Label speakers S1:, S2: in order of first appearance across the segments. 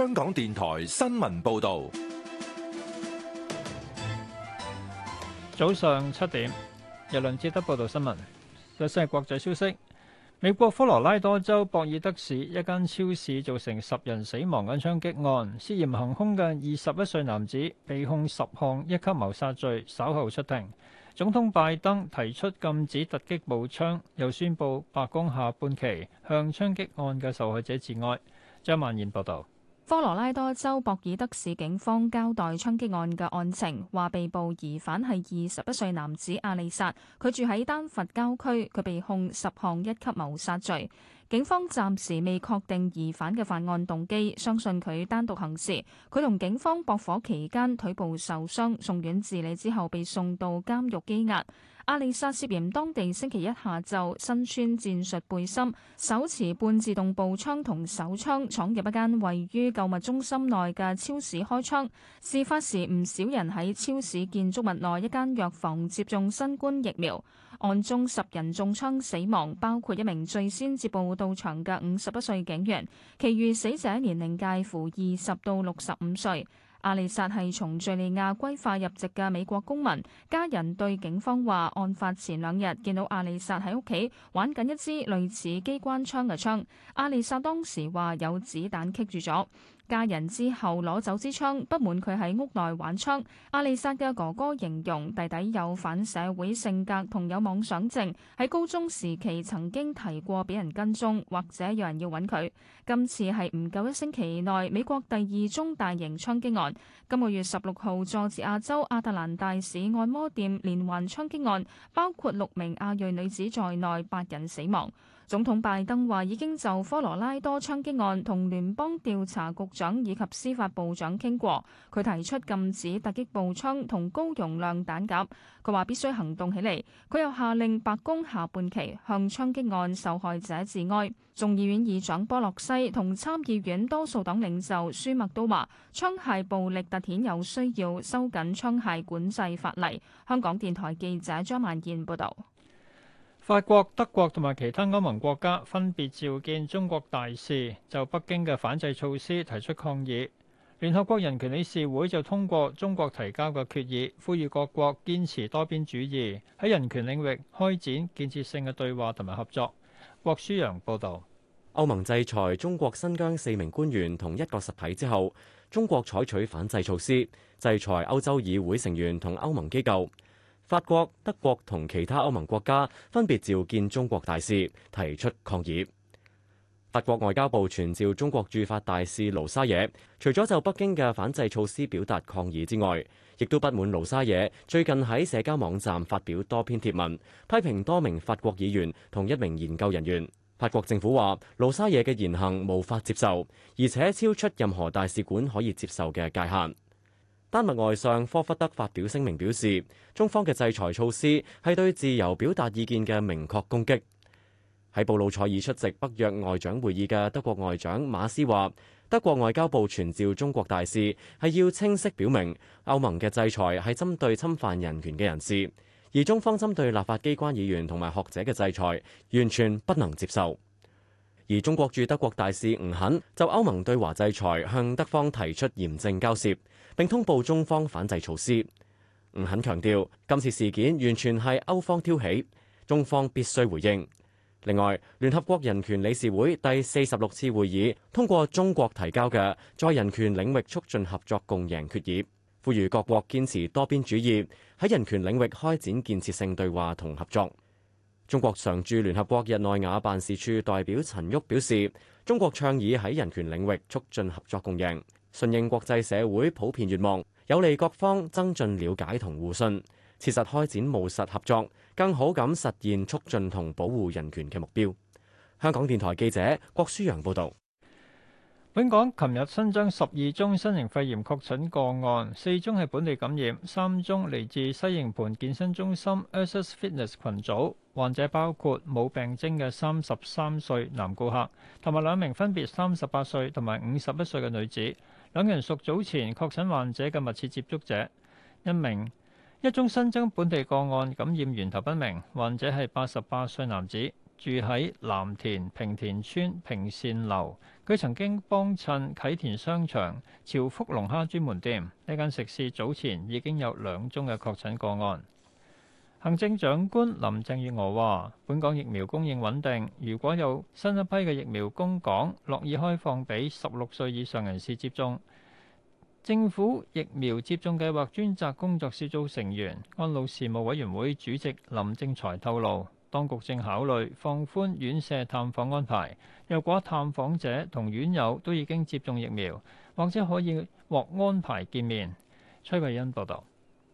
S1: 香港電台新聞報道，早上七點，由梁志德報道新聞。首先係國際消息：美國科羅拉多州博爾德市一間超市造成十人死亡嘅槍擊案，涉嫌行兇嘅二十一歲男子被控十項一級謀殺罪，稍後出庭。總統拜登提出禁止突擊步槍，又宣布白宮下半旗向槍擊案嘅受害者致哀。張曼燕報道。
S2: 科羅拉多州博爾德市警方交代槍擊案嘅案情，話被捕疑犯係二十一歲男子阿利薩，佢住喺丹佛郊區，佢被控十項一級謀殺罪。警方暫時未確定疑犯嘅犯案動機，相信佢單獨行事。佢同警方搏火期間腿部受傷，送院治理之後被送到監獄羈押。阿莉莎涉嫌當地星期一下晝身穿戰術背心，手持半自動步槍同手槍闖入一間位於購物中心內嘅超市開槍。事發時唔少人喺超市建築物內一間藥房接種新冠疫苗。案中十人中槍死亡，包括一名最先接報。到場嘅五十一歲警員，其餘死者年齡介乎二十到六十五歲。阿里薩係從敘利亞歸化入籍嘅美國公民，家人對警方話，案發前兩日見到阿里薩喺屋企玩緊一支類似機關槍嘅槍，阿里薩當時話有子彈棘住咗。家人之後攞走支槍，不滿佢喺屋內玩槍。阿莉莎嘅哥哥形容弟弟有反社會性格，同有妄想症，喺高中時期曾經提過俾人跟蹤或者有人要揾佢。今次係唔夠一星期內美國第二宗大型槍擊案，今個月十六號佐治亞州亞特蘭大市按摩店連環槍擊案，包括六名亞裔女子在內八人死亡。總統拜登話已經就科羅拉多槍擊案同聯邦調查局長以及司法部長傾過，佢提出禁止突擊步槍同高容量彈夾。佢話必須行動起嚟。佢又下令白宮下半旗向槍擊案受害者致哀。眾議院議長波洛西同參議院多數黨領袖舒默都話槍械暴力突顯，有需要收緊槍械管制法例。香港電台記者張曼燕報導。
S1: 法國、德國同埋其他歐盟國家分別召見中國大使，就北京嘅反制措施提出抗議。聯合國人權理事會就通過中國提交嘅決議，呼籲各國堅持多邊主義，喺人權領域開展建設性嘅對話同埋合作。郭舒
S3: 揚報導。歐盟制裁中國新疆四名官員同一個實體之後，中國採取反制措施，制裁歐洲議會成員同歐盟機構。法國、德國同其他歐盟國家分別召見中國大使，提出抗議。法國外交部傳召中國駐法大使盧沙野，除咗就北京嘅反制措施表達抗議之外，亦都不滿盧沙野最近喺社交網站發表多篇貼文，批評多名法國議員同一名研究人員。法國政府話，盧沙野嘅言行無法接受，而且超出任何大使館可以接受嘅界限。丹麥外相科夫德發表聲明表示，中方嘅制裁措施係對自由表達意見嘅明確攻擊。喺布魯塞爾出席北約外長會議嘅德國外長馬斯話，德國外交部傳召中國大使，係要清晰表明歐盟嘅制裁係針對侵犯人權嘅人士，而中方針對立法機關議員同埋學者嘅制裁完全不能接受。而中國駐德國大使吳肯就歐盟對華制裁向德方提出嚴正交涉，並通報中方反制措施。吳肯強調，今次事件完全係歐方挑起，中方必須回應。另外，聯合國人權理事會第四十六次會議通過中國提交嘅在人權領域促進合作共贏決議，呼籲各國堅持多邊主義，喺人權領域開展建設性對話同合作。中國常駐聯合國日內瓦辦事處代表陳旭表示，中國倡議喺人權領域促進合作共贏，順應國際社會普遍願望，有利各方增進了解同互信，切實開展務實合作，更好咁實現促進同保護人權嘅目標。香港電台記者郭舒揚報道。本港琴日新增十二宗
S1: 新型肺炎確診個案，四宗係本地感染，三宗嚟自西營盤健身中心 Ursus Fitness 群組。患者包括冇病徵嘅三十三歲男顧客，同埋兩名分別三十八歲同埋五十一歲嘅女子，兩人屬早前確診患者嘅密切接觸者。一名一宗新增本地個案感染源頭不明，患者係八十八歲男子。住喺藍田平田村平善樓，佢曾經幫襯啟田商場朝福龍蝦專門店，呢間食肆早前已經有兩宗嘅確診個案。行政長官林鄭月娥話本港疫苗供應穩定，如果有新一批嘅疫苗供港，樂意開放俾十六歲以上人士接種，政府疫苗接種計劃專責工作小組成員、安老事務委員會主席林正財透露。當局正考慮放寬院舍探訪安排，若果探訪者同院友都已經接種疫苗，或者可以獲安排見面。崔慧欣報導。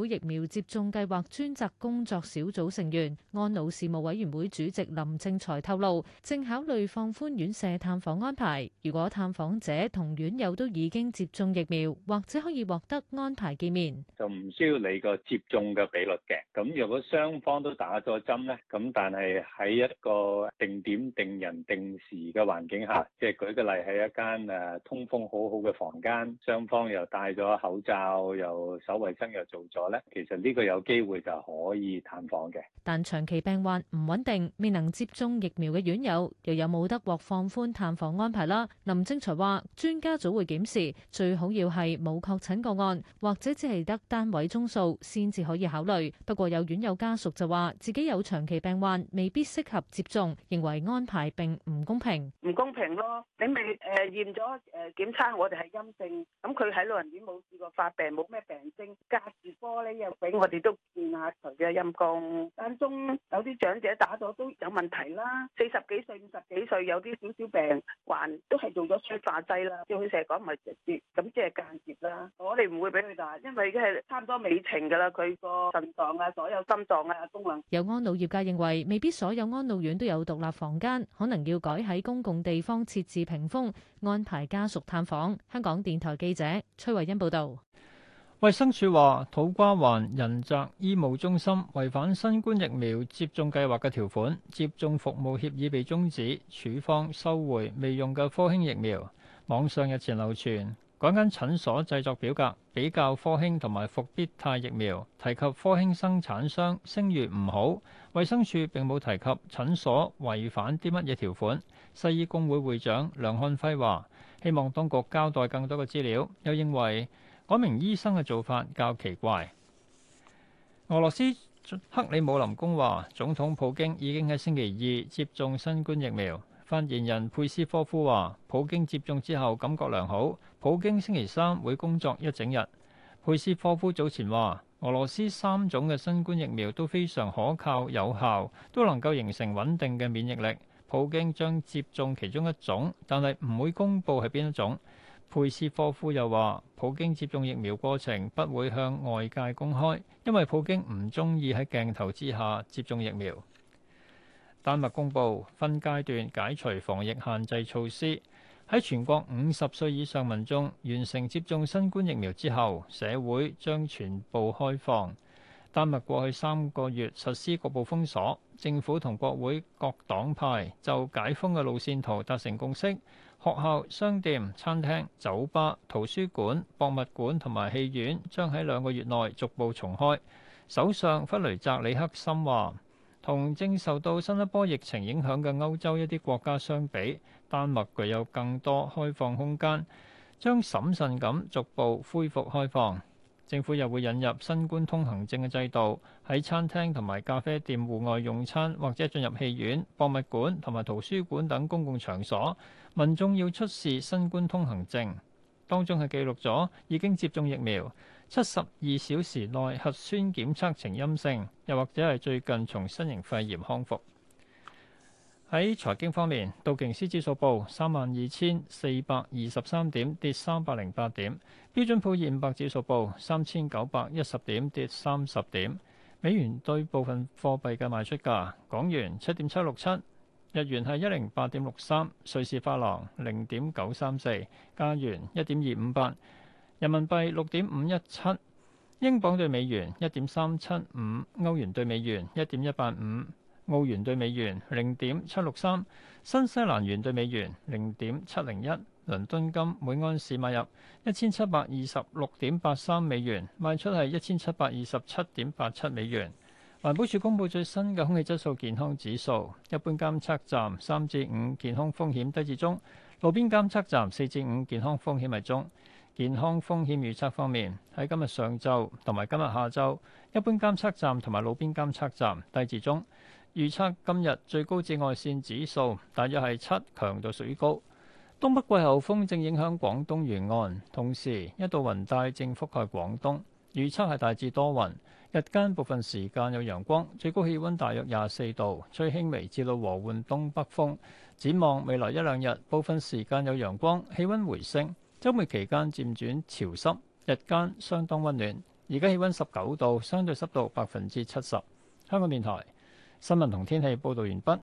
S4: 府疫苗接種計劃專責工作小組成員，安老事務委員會主席林正財透露，正考慮放寬院舍探訪安排。如果探訪者同院友都已經接種疫苗，或者可以獲得安排見面，
S1: 就唔需要你個接種嘅比率嘅。咁如果雙方都打咗針咧，咁但係喺一個定點定人定時嘅環境下，即係舉個例，喺一間誒，通風好好嘅房間，雙方又戴咗口罩，又手衛生又做咗。其實呢個有機會就可以探訪嘅，
S4: 但長期病患唔穩定，未能接種疫苗嘅院友，又有冇得獲放寬探訪安排啦？林正財話，專家組會檢視，最好要係冇確診個案，或者只係得單位宗數，先至可以考慮。不過有院友家屬就話，自己有長期病患，未必適合接種，認為安排並唔公平，唔
S2: 公平咯。你未誒驗咗誒檢測，呃呃、我哋係陰性，咁佢喺老人院冇試過發病，冇咩病徵，家住科。我哋俾我哋都見下佢嘅陰功，間中有啲長者打咗都有問題啦。四十幾歲、五十幾歲有啲少少病，還都係用咗催化劑啦。叫佢成日講唔係直接，咁即係間接啦。我哋唔會俾佢打，因為已經係差唔多尾程㗎啦。佢個腎臟啊，所有
S4: 心臟啊功能。有安老業界認為，未必所有安老院都有獨立房間，可能要改喺公共地方設置屏風，安排家屬探訪。香港電台記者崔慧欣報道。
S1: 衛生署話，土瓜灣仁澤醫務中心違反新冠疫苗接種計劃嘅條款，接種服務協議被終止，處方收回未用嘅科興疫苗。網上日前流傳，講緊診所製作表格比較科興同埋復必泰疫苗，提及科興生產商聲譽唔好。衛生署並冇提及診所違反啲乜嘢條款。西醫工會會長梁漢輝話，希望當局交代更多嘅資料。又認為。嗰名醫生嘅做法較奇怪。俄羅斯克里姆林宮話，總統普京已經喺星期二接種新冠疫苗。發言人佩斯科夫話，普京接種之後感覺良好。普京星期三會工作一整日。佩斯科夫早前話，俄羅斯三種嘅新冠疫苗都非常可靠有效，都能夠形成穩定嘅免疫力。普京將接種其中一種，但係唔會公布係邊一種。佩斯科夫又話：普京接種疫苗過程不會向外界公開，因為普京唔中意喺鏡頭之下接種疫苗。丹麥公布分階段解除防疫限制措施，喺全國五十歲以上民眾完成接種新冠疫苗之後，社會將全部開放。丹麥過去三個月實施局部封鎖，政府同國會各黨派就解封嘅路線圖達成共識。學校、商店、餐廳、酒吧、圖書館、博物館同埋戲院將喺兩個月內逐步重開。首相弗雷澤里克森話，同正受到新一波疫情影響嘅歐洲一啲國家相比，丹麥具有更多開放空間，將審慎咁逐步恢復開放。政府又會引入新冠通行證嘅制度，喺餐廳同埋咖啡店戶外用餐，或者進入戲院、博物館同埋圖書館等公共場所，民眾要出示新冠通行證。當中係記錄咗已經接種疫苗、七十二小時內核酸檢測呈陰性，又或者係最近從新型肺炎康復。喺財經方面，道瓊斯指數報三萬二千四百二十三點，跌三百零八點；標準普爾五百指數報三千九百一十點，跌三十點。美元對部分貨幣嘅賣出價：港元七點七六七，日元係一零八點六三，瑞士法郎零點九三四，加元一點二五八，人民幣六點五一七，英鎊兌美元一點三七五，歐元兌美元一點一八五。澳元兌美元零點七六三，新西蘭元兌美元零點七零一，倫敦金每安士買入一千七百二十六點八三美元，賣出係一千七百二十七點八七美元。環保署公布最新嘅空氣質素健康指數，一般監測站三至五健康風險低至中，路邊監測站四至五健康風險係中。健康風險預測方面喺今日上晝同埋今日下晝，一般監測站同埋路邊監測站低至中。預測今日最高紫外線指數大約係七，強度屬於高。東北季候風正影響廣東沿岸，同時一道雲帶正覆蓋廣東。預測係大致多雲，日間部分時間有陽光，最高氣温大約廿四度，吹輕微至到和緩東北風。展望未來一兩日，部分時間有陽光，氣温回升。周末期間漸轉潮濕，日間相當温暖。而家氣温十九度，相對濕度百分之七十。香港電台。新聞同天氣報道完畢。